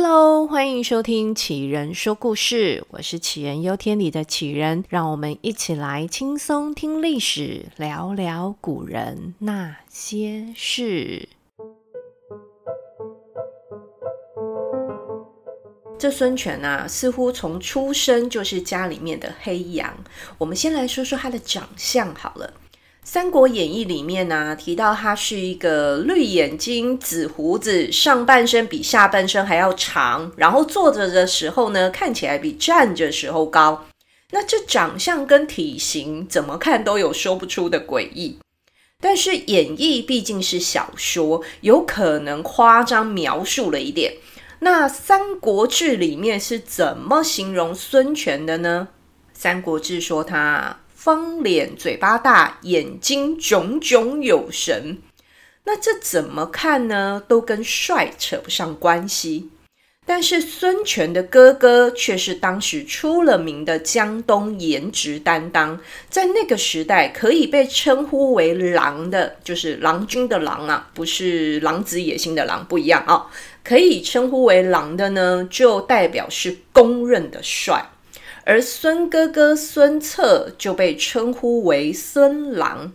Hello，歡迎收聽《杞人說故事》，我是《杞人憂天》裡的杞人，讓我們一起來輕鬆聽歷史，聊聊古人那些事。這孫權啊，似乎從出生就是家裡面的黑羊。我們先來說說他的長相好了。《三國演義》裡面呢、啊、提到，他是一個綠眼睛、紫胡子，上半身比下半身還要長，然後坐着的時候呢，看起來比站着時候高。那這長相跟體型怎麼看都有說不出的詭異。但是《演義》畢竟是小說，有可能誇張描述了一點。那《三國志》裡面是怎麼形容孫權的呢？《三國志》說他。方臉、嘴巴大、眼睛炯炯有神，那這怎麼看呢？都跟帥扯不上關係。但是孫權的哥哥卻是當時出了名的江東顏值擔當，在那個時代可以被稱呼為“郎”的，就是郎君的“郎”啊，不是狼子野心的“狼”，不一樣啊。可以稱呼為“郎”的呢，就代表是公認的帥。而孫哥哥孫策就被稱呼為孫郎，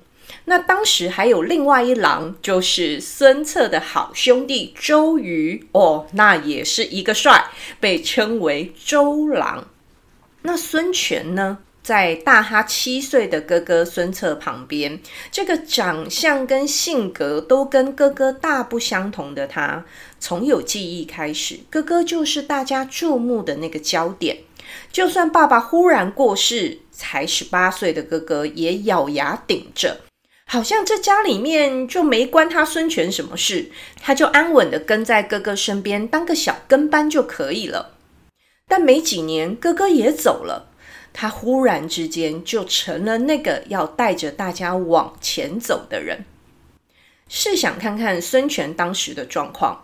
那當時還有另外一郎，就是孫策的好兄弟周瑜哦，那也是一個帥，被稱為周郎。那孫權呢，在大他七歲的哥哥孫策旁邊，這個長相跟性格都跟哥哥大不相同的他，從有記憶開始，哥哥就是大家注目的那個焦點。就算爸爸忽然過世，才十八歲的哥哥也咬牙頂着，好像這家裡面就沒關他孫權什麼事，他就安穩地跟在哥哥身邊，當個小跟班就可以了。但沒幾年，哥哥也走了，他忽然之間就成了那個要帶着大家往前走的人。試想看看孫權當時的狀況。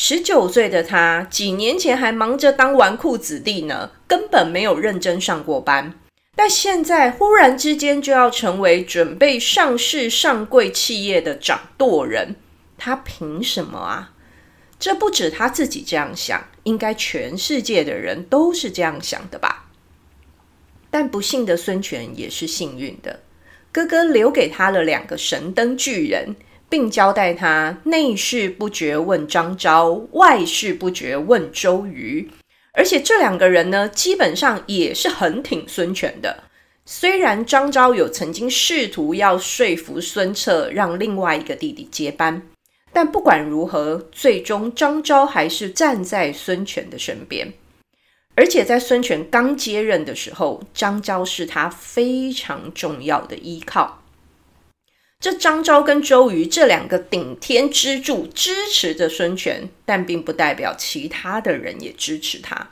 十九歲的他，幾年前還忙着當紈絝子弟呢，根本沒有認真上過班。但現在忽然之間就要成為準備上市上櫃企業的掌舵人，他憑什麼啊？這不止他自己這樣想，應該全世界的人都是這樣想的吧？但不幸的孫權也是幸運的，哥哥留給他了兩個神燈巨人。並交代他內事不決問張昭，外事不決問周瑜。而且這兩個人呢，基本上也是很挺孫權的。雖然張昭有曾經試圖要說服孫策讓另外一個弟弟接班，但不管如何，最終張昭還是站在孫權的身邊。而且在孫權剛接任的時候，張昭是他非常重要的依靠。這張昭跟周瑜這兩個頂天支柱支持着孫權，但並不代表其他的人也支持他。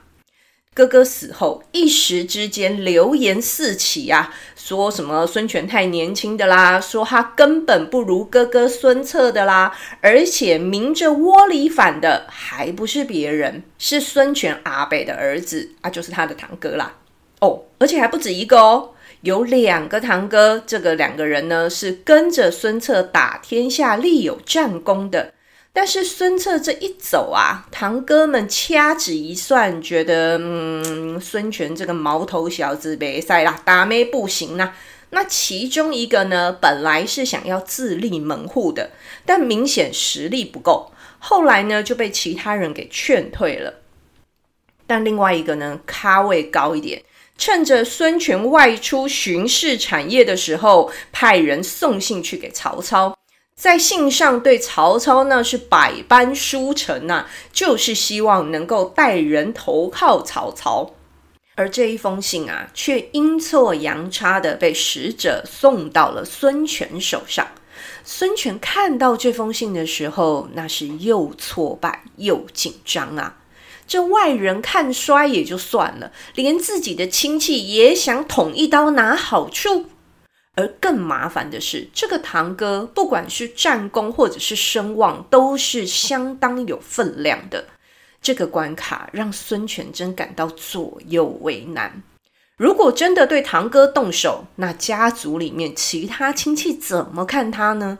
哥哥死後，一時之間流言四起啊，說什麼孫權太年輕的啦，說他根本不如哥哥孫策的啦，而且明着窩裡反的還不是別人，是孫權阿伯的兒子啊，就是他的堂哥啦。哦，而且還不止一個哦。有兩個堂哥，這個兩個人呢是跟着孫策打天下，立有戰功的。但是孫策這一走啊，堂哥們掐指一算，覺得嗯，孫權這個毛頭小子別賽啦，打咩不行啦，那其中一個呢，本來是想要自立門戶的，但明顯實力不夠，後來呢就被其他人給勸退了。但另外一個呢，咖位高一點。趁着孫權外出巡視產業的時候，派人送信去給曹操。在信上對曹操呢是百般輸誠吶，就是希望能夠帶人投靠曹操。而這一封信啊，卻陰錯陽差的被使者送到了孫權手上。孫權看到這封信的時候，那是又挫敗又緊張啊。這外人看衰也就算了，連自己的親戚也想捅一刀拿好處，而更麻煩的是，這個堂哥不管是戰功或者是聲望，都是相當有分量的。這個關卡讓孫權真感到左右為難。如果真的對堂哥動手，那家族裡面其他親戚怎麼看他呢？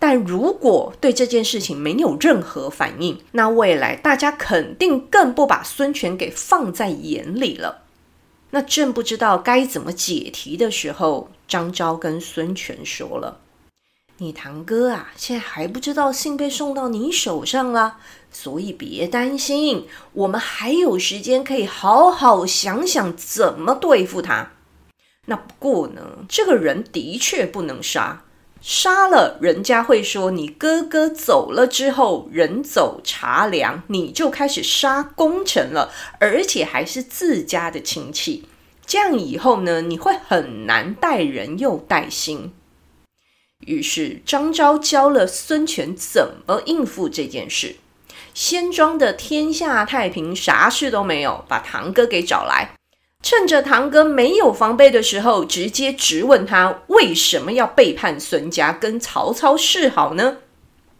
但如果對這件事情沒有任何反應，那未來大家肯定更不把孫權給放在眼裡了。那正不知道該怎麼解題的時候，張昭跟孫權說了：“你堂哥啊，現在還不知道信被送到你手上啊，所以別擔心，我們還有時間可以好好想想怎麼對付他。那不過呢，這個人的確不能殺。”殺了人家會說，你哥哥走了之後人走茶涼，你就開始殺功臣了，而且還是自家的親戚，這樣以後呢，你會很難帶人又帶心。於是張昭教了孫權怎麼應付這件事，先裝的天下太平啥事都沒有，把堂哥給找來。趁着堂哥沒有防備的時候，直接質問他為什麼要背叛孫家跟曹操示好呢？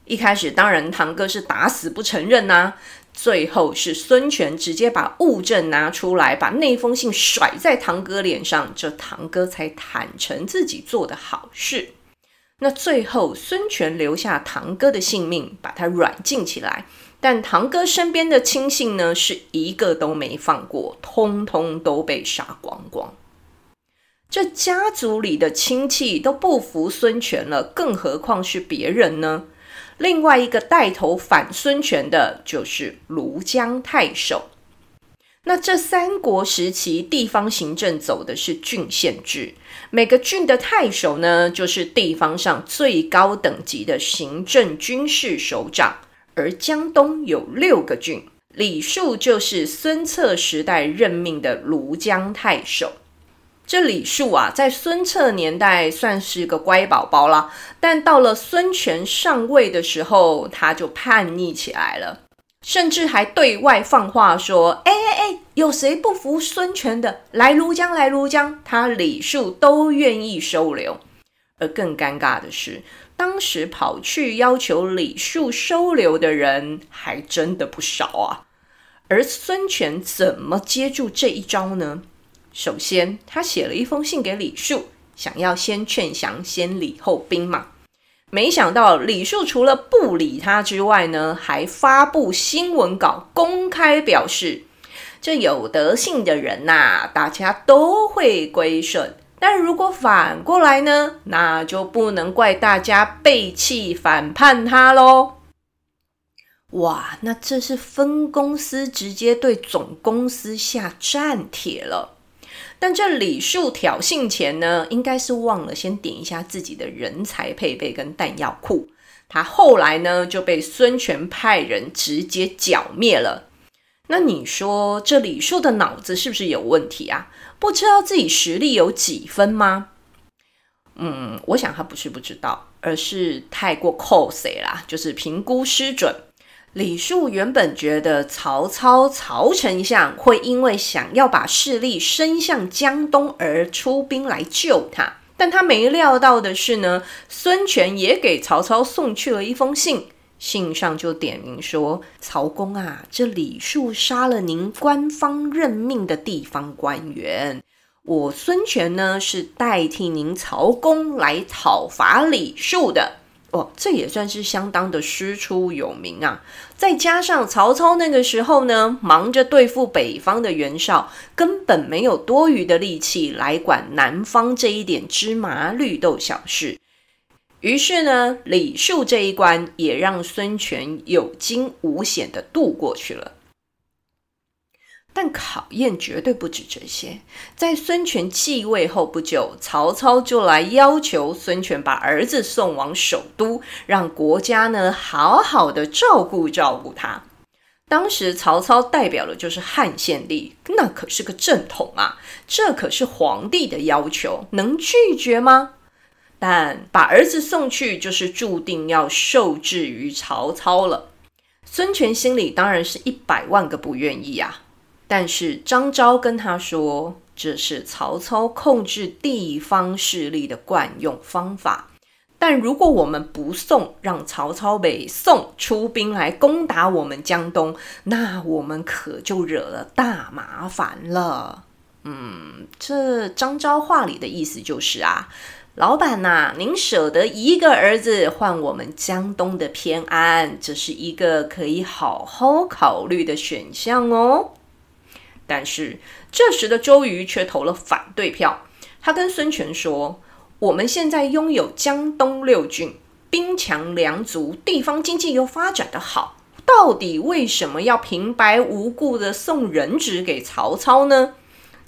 一開始，當然堂哥是打死不承認吶、啊。最後是孫權直接把物證拿出來，把那封信甩在堂哥臉上，這堂哥才坦承自己做的好事。那最後，孫權留下堂哥的性命，把他軟禁起來。但堂哥身邊的親信呢，是一個都沒放過，通通都被殺光光。這家族裡的親戚都不服孫權了，更何況是別人呢？另外一個帶頭反孫權的就是廬江太守。那這三國時期地方行政走的是郡縣制，每個郡的太守呢，就是地方上最高等級的行政軍事首長。而江東有六個郡，李術就是孫策時代任命的廬江太守。這李術啊，在孫策年代算是個乖寶寶啦，但到了孫權上位的時候，他就叛逆起來了，甚至還對外放話說：“哎哎哎，有誰不服孫權的，來廬江，來廬江，他李術都願意收留。”而更尷尬的是，當時跑去要求李術收留的人還真的不少啊，而孫權怎麼接住這一招呢？首先，他寫了一封信給李術，想要先勸降，先禮後兵嘛。沒想到李術除了不理他之外呢，還發布新聞稿，公開表示：這有德性的人吶、啊，大家都會歸順。但如果反過來呢？那就不能怪大家背棄反叛他嘍！哇，那這是分公司直接對總公司下戰帖了。但這李術挑釁前呢，應該是忘了先點一下自己的人才配備跟彈藥庫。他後來呢就被孫權派人直接剿滅了。那你說這李術的腦子是不是有問題啊？不知道自己實力有幾分嗎？嗯，我想他不是不知道，而是太過 cocky 啦，就是評估失準。李術原本覺得曹操曹丞相會因為想要把勢力伸向江東而出兵來救他，但他沒料到的是呢，孫權也給曹操送去了一封信。信上就點名說：“曹公啊，這李術殺了您官方任命的地方官員，我孫權呢是代替您曹公來討伐李術的。哦，這也算是相當的師出有名啊。再加上曹操那個時候呢，忙着對付北方的袁紹，根本沒有多餘的力氣來管南方這一點芝麻綠豆小事。”於是呢，禮數這一關也讓孫權有驚無險的度過去了。但考驗絕對不止這些。在孫權繼位後不久，曹操就來要求孫權把兒子送往首都，讓國家呢好好的照顧照顧他。當時曹操代表的就是漢獻帝，那可是個正統啊，這可是皇帝的要求，能拒絕嗎？但把兒子送去，就是注定要受制於曹操了。孫權心裡當然是一百萬個不願意啊！但是張昭跟他說：“這是曹操控制地方勢力的慣用方法。但如果我們不送，讓曹操北送出兵來攻打我們江東，那我們可就惹了大麻煩了。”嗯，這張昭話裡的意思就是啊。老闆吶、啊，您捨得一個兒子換我們江東的偏安，這是一個可以好好考慮的選項哦。但是這時的周瑜卻投了反對票，他跟孫權說：“我們現在擁有江東六郡，兵強糧足，地方經濟又發展得好，到底為什麼要平白無故的送人質給曹操呢？”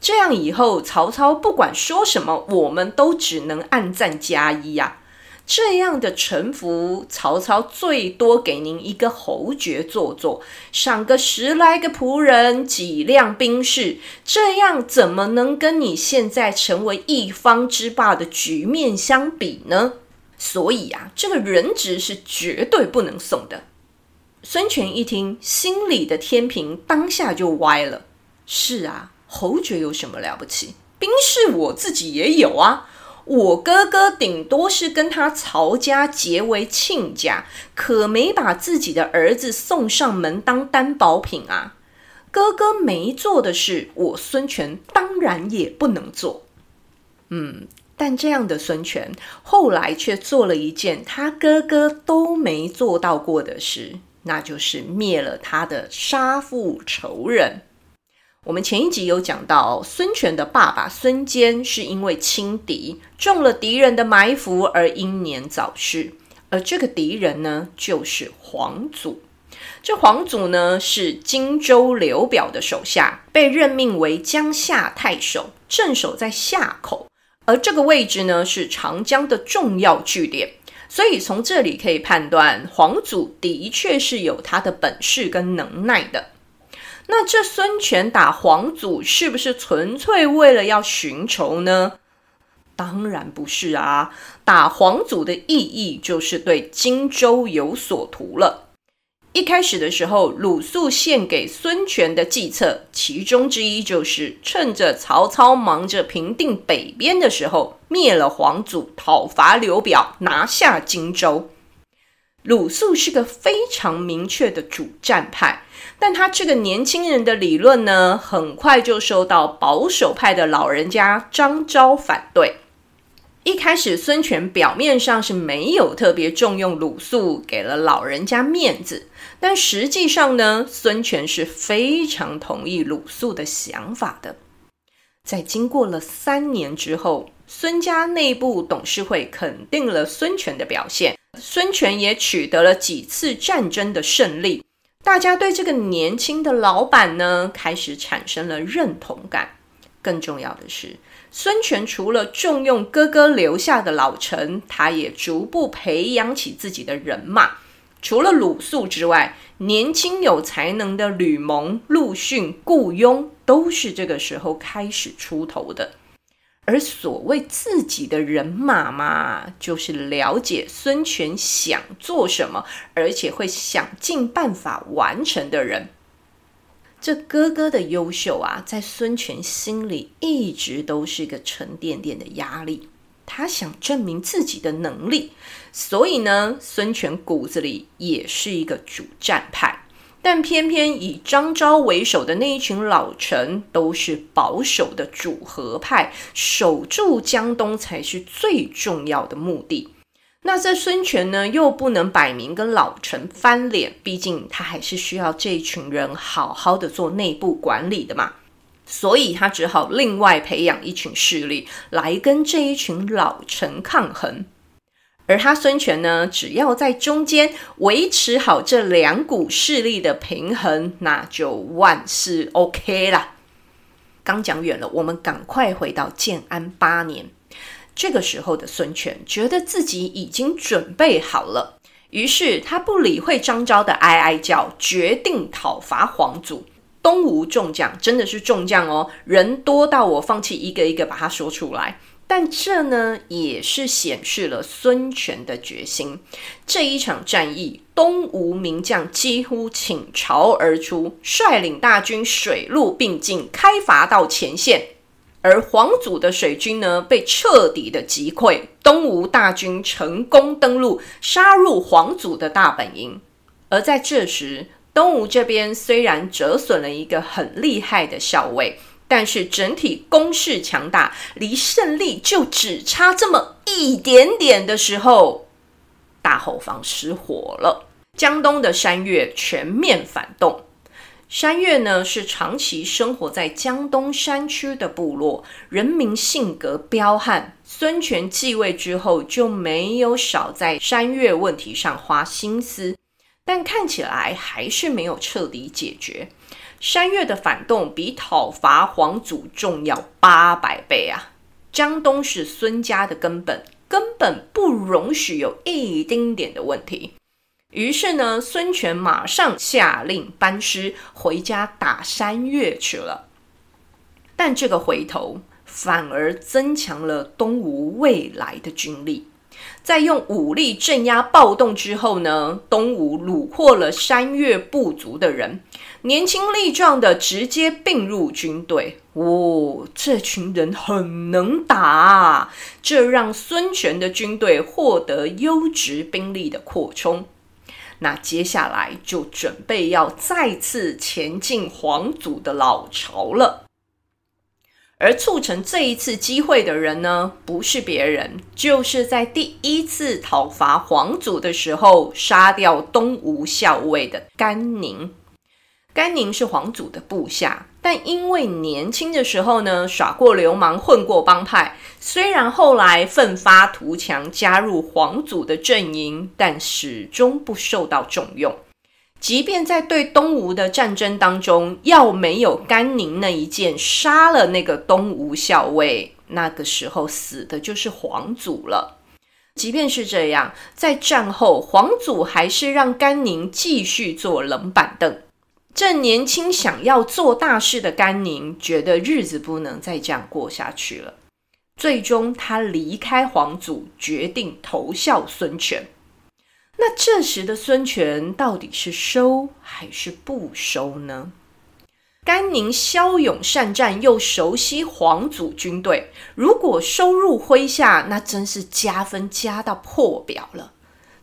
這樣以後，曹操不管說什麼，我們都只能按讚加一呀、啊。這樣的臣服，曹操最多給您一個侯爵做做，賞個十來個僕人，幾輛兵士，這樣怎麼能跟你現在成為一方之霸的局面相比呢？所以啊，這個人質是絕對不能送的。孫權一聽，心裡的天平當下就歪了。是啊。侯爵有什麼了不起？兵士我自己也有啊。我哥哥頂多是跟他曹家結為親家，可沒把自己的兒子送上門當擔保品啊。哥哥沒做的事，我孫權當然也不能做。嗯，但這樣的孫權後來卻做了一件他哥哥都沒做到過的事，那就是滅了他的殺父仇人。我們前一集有講到，孫權的爸爸孫堅是因為輕敵中了敵人的埋伏而英年早逝，而這個敵人呢，就是黃祖。這黃祖呢，是荊州劉表的手下，被任命為江夏太守，鎮守在夏口。而這個位置呢，是長江的重要據點，所以從這裡可以判斷，黃祖的確是有他的本事跟能耐的。那這孫權打黃祖是不是純粹為了要尋仇呢？當然不是啊！打黃祖的意義就是對荊州有所圖了。一開始的時候，魯肅獻給孫權的計策，其中之一就是趁着曹操忙着平定北邊的時候，滅了黃祖，討伐劉表，拿下荊州。魯肅是個非常明確的主戰派。但他這個年輕人的理論呢，很快就受到保守派的老人家張昭反對。一開始，孫權表面上是沒有特別重用魯肅，給了老人家面子，但實際上呢，孫權是非常同意魯肅的想法的。在經過了三年之後，孫家內部董事會肯定了孫權的表現，孫權也取得了幾次戰爭的勝利。大家對這個年輕的老闆呢，開始產生了認同感。更重要的是，孫權除了重用哥哥留下的老臣，他也逐步培養起自己的人馬。除了魯肅之外，年輕有才能的呂蒙、陸遜、顧雍，都是這個時候開始出頭的。而所謂自己的人馬嘛，就是了解孫權想做什麼，而且會想盡辦法完成的人。這哥哥的優秀啊，在孫權心裡一直都是一個沉甸甸的壓力。他想證明自己的能力，所以呢，孫權骨子裡也是一個主戰派。但偏偏以張昭為首的那一群老臣都是保守的主和派，守住江東才是最重要的目的。那這孫權呢，又不能擺明跟老臣翻臉，畢竟他還是需要這一群人好好的做內部管理的嘛，所以他只好另外培養一群勢力來跟這一群老臣抗衡。而他孫權呢，只要在中間維持好這兩股勢力的平衡，那就萬事 OK 啦。剛講遠了，我們趕快回到建安八年。這個時候的孫權覺得自己已經準備好了，於是他不理會張昭的哀哀叫，決定討伐黃祖。東吳眾將真的是眾將哦，人多到我放棄一個一個把它說出來。但這呢，也是顯示了孫權的決心。這一場戰役，東吳名將幾乎傾巢而出，率領大軍水陸並進，開拔到前線。而黃祖的水軍呢，被徹底的擊潰，東吳大軍成功登陸，殺入黃祖的大本營。而在這時，東吳這邊雖然折損了一個很厲害的校尉。但是整體攻勢強大，離勝利就只差這麼一點點的時候，大後方失火了。江東的山越全面反動。山越呢，是長期生活在江東山區的部落人民，性格彪悍。孫權繼位之後，就沒有少在山越問題上花心思，但看起來還是沒有徹底解決。山越的反動比討伐黃祖重要八百倍啊！江東是孫家的根本，根本不容許有一丁點的問題。於是呢，孫權馬上下令班師回家打山越去了。但這個回頭反而增強了東吳未來的軍力。在用武力鎮壓暴動之後呢，東吳虜獲了山越部族的人，年輕力壯的直接併入軍隊。哦，這群人很能打啊，這讓孫權的軍隊獲得優質兵力的擴充。那接下來就準備要再次前進黃祖的老巢了。而促成這一次機會的人呢，不是別人，就是在第一次討伐黃祖的時候殺掉東吳校尉的甘寧。甘寧是黃祖的部下，但因為年輕的時候呢，耍過流氓、混過幫派，雖然後來奮發圖強，加入黃祖的陣營，但始終不受到重用。即便在對東吳的戰爭當中，要沒有甘寧那一箭殺了那個東吳校尉，那個時候死的就是黃祖了。即便是這樣，在戰後，黃祖還是讓甘寧繼續坐冷板凳。正年輕想要做大事的甘寧覺得日子不能再這樣過下去了，最終他離開黃祖，決定投效孫權。那這時的孫權到底是收還是不收呢？甘寧驍勇善戰，又熟悉黃祖軍隊，如果收入麾下，那真是加分加到破表了。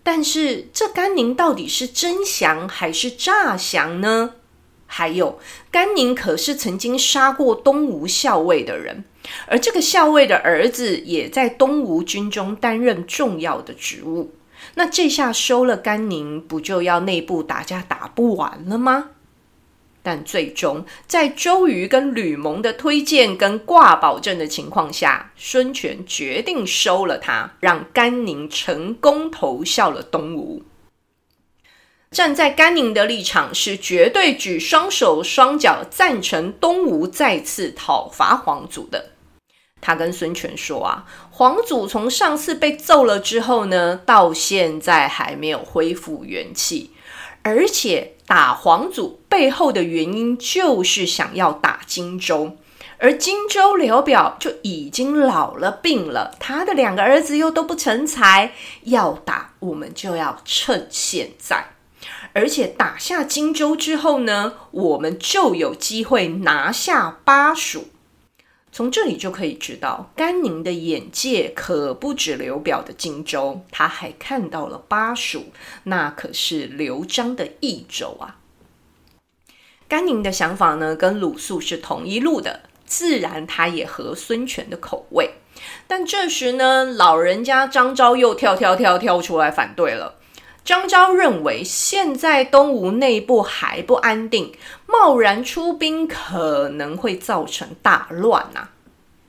但是，這甘寧到底是真降還是詐降呢？還有，甘寧可是曾經殺過東吳校尉的人，而這個校尉的兒子也在東吳軍中擔任重要的職務。那這下收了甘寧，不就要內部打架打不完了嗎？但最終，在周瑜跟呂蒙的推薦跟掛保證的情況下，孫權決定收了他，讓甘寧成功投效了東吳。站在甘寧的立場，是絕對舉雙手雙腳贊成東吳再次討伐黃祖的。他跟孫權說：“啊，黃祖從上次被揍了之後呢，到現在還沒有恢復元氣，而且打黃祖背後的原因就是想要打荊州，而荊州劉表就已經老了病了，他的兩個兒子又都不成才，要打我們就要趁現在，而且打下荊州之後呢，我們就有機會拿下巴蜀。”從這裡就可以知道，甘寧的眼界，可不止劉表的荊州，他還看到了巴蜀，那可是劉璋的益州啊。甘寧的想法呢，跟魯肅是同一路的，自然他也合孫權的口味。但這時呢，老人家張昭又跳跳跳跳出來反對了。張昭認為，現在東吳內部還不安定。貿然出兵可能會造成大亂吶、啊！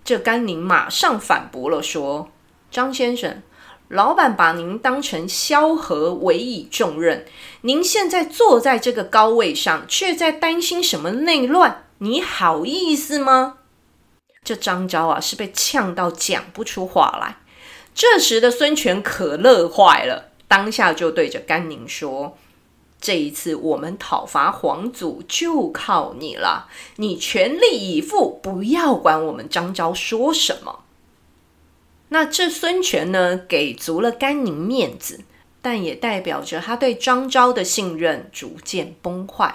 這甘寧馬上反駁了，說：“張先生，老板把您當成蕭何委以重任，您現在坐在這個高位上，卻在擔心什麼內亂？你好意思嗎？”這張昭啊，是被嗆到講不出話來。這時的孫權可樂壞了，當下就對着甘寧說。這一次，我們討伐黃祖就靠你了。你全力以赴，不要管我們張昭說什麼。那這孫權呢，給足了甘寧面子，但也代表着他對張昭的信任逐漸崩壞。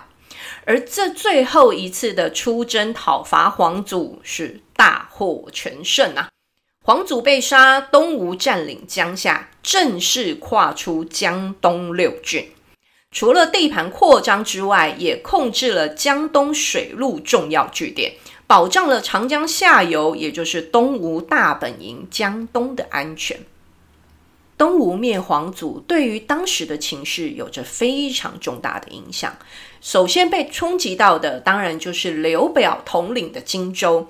而這最後一次的出征討伐黃祖是大獲全勝啊！黃祖被殺，東吳占領江夏，正式跨出江東六郡。除了地盤擴張之外，也控制了江東水路重要據點，保障了長江下游，也就是東吳大本營江東的安全。東吳滅黃祖，對於當時的情勢有着非常重大的影響。首先被衝擊到的，當然就是劉表統領的荊州。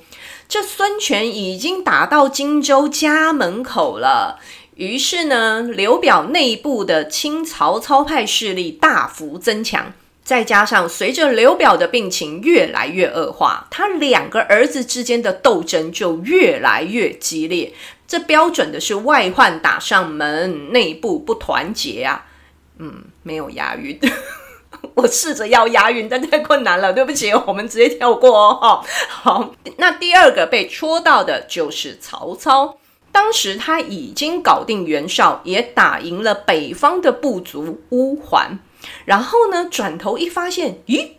這孫權已經打到荊州家門口了。於是呢，劉表內部的親曹操派勢力大幅增強，再加上隨着劉表的病情越來越惡化，他兩個兒子之間的鬥爭就越來越激烈。這標準的是外患打上門，內部不團結啊。嗯，沒有押韻， 我試着要押韻，但太困難了，對不起，我們直接跳過哦。好，那第二個被戳到的就是曹操。當時他已經搞定袁紹，也打贏了北方的部族烏桓，然後呢，轉頭一發現，咦，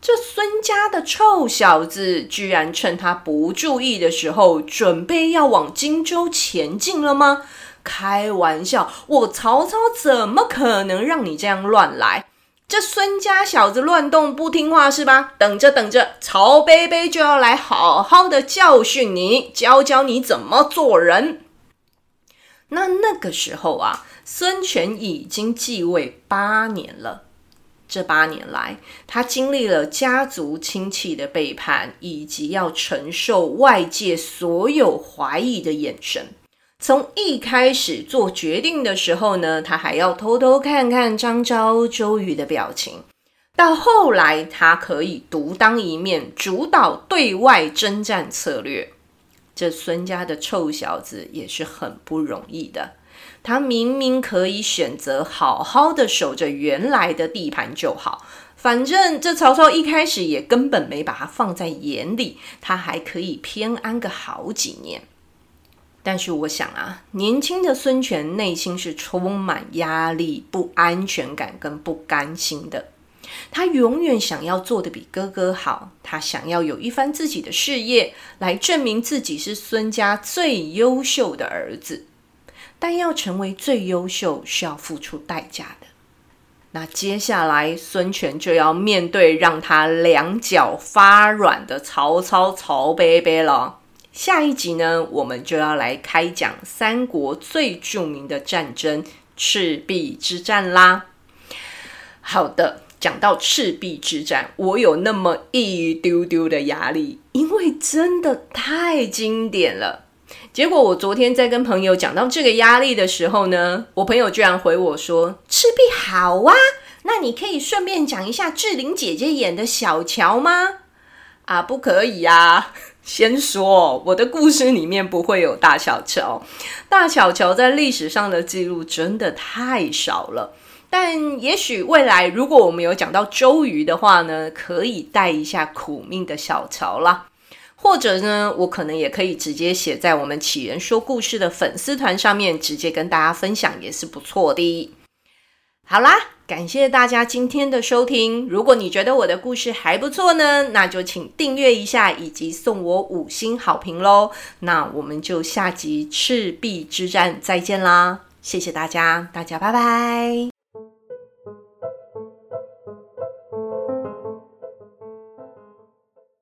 這孫家的臭小子居然趁他不注意的時候，準備要往荊州前進了嗎？開玩笑，我曹操怎麼可能讓你這樣亂來？這孫家小子亂動，不聽話是吧？等着等着，曹伯伯就要來好好的教訓你，教教你怎麼做人。那那個時候啊，孫權已經繼位八年了，這八年來，他經歷了家族親戚的背叛，以及要承受外界所有懷疑的眼神。從一開始做決定的時候呢，他還要偷偷看看張昭、周瑜的表情。到後來，他可以獨當一面，主導對外征戰策略。這孫家的臭小子也是很不容易的。他明明可以選擇好好的守着原來的地盤就好，反正這曹操一開始也根本沒把他放在眼裡，他還可以偏安個好幾年。但是我想啊，年輕的孫權內心是充滿壓力、不安全感跟不甘心的。他永遠想要做得比哥哥好，他想要有一番自己的事業來證明自己是孫家最優秀的兒子。但要成為最優秀，需要付出代價的。那接下來，孫權就要面對讓他兩腳發軟的曹操曹伯伯了。下一集呢，我們就要來開講三國最著名的戰爭，赤壁之戰啦。好的，講到赤壁之戰，我有那麼一丟丟的壓力，因為真的太經典了。結果我昨天在跟朋友講到這個壓力的時候呢，我朋友居然回我說：“赤壁好啊，那你可以順便講一下志玲姐姐演的小喬嗎？”啊，不可以呀，啊。先說，我的故事裡面不會有大小喬。大小喬在歷史上的記錄真的太少了，但也許未來如果我們有講到周瑜的話呢，可以帶一下苦命的小喬啦。或者呢，我可能也可以直接寫在我們杞人說故事的粉絲團上面，直接跟大家分享也是不錯的。好啦，感謝大家今天的收聽。如果你覺得我的故事還不錯呢，那就請訂閱一下，以及送我五星好評嘍。那我們就下集赤壁之戰再見啦！謝謝大家，大家拜拜。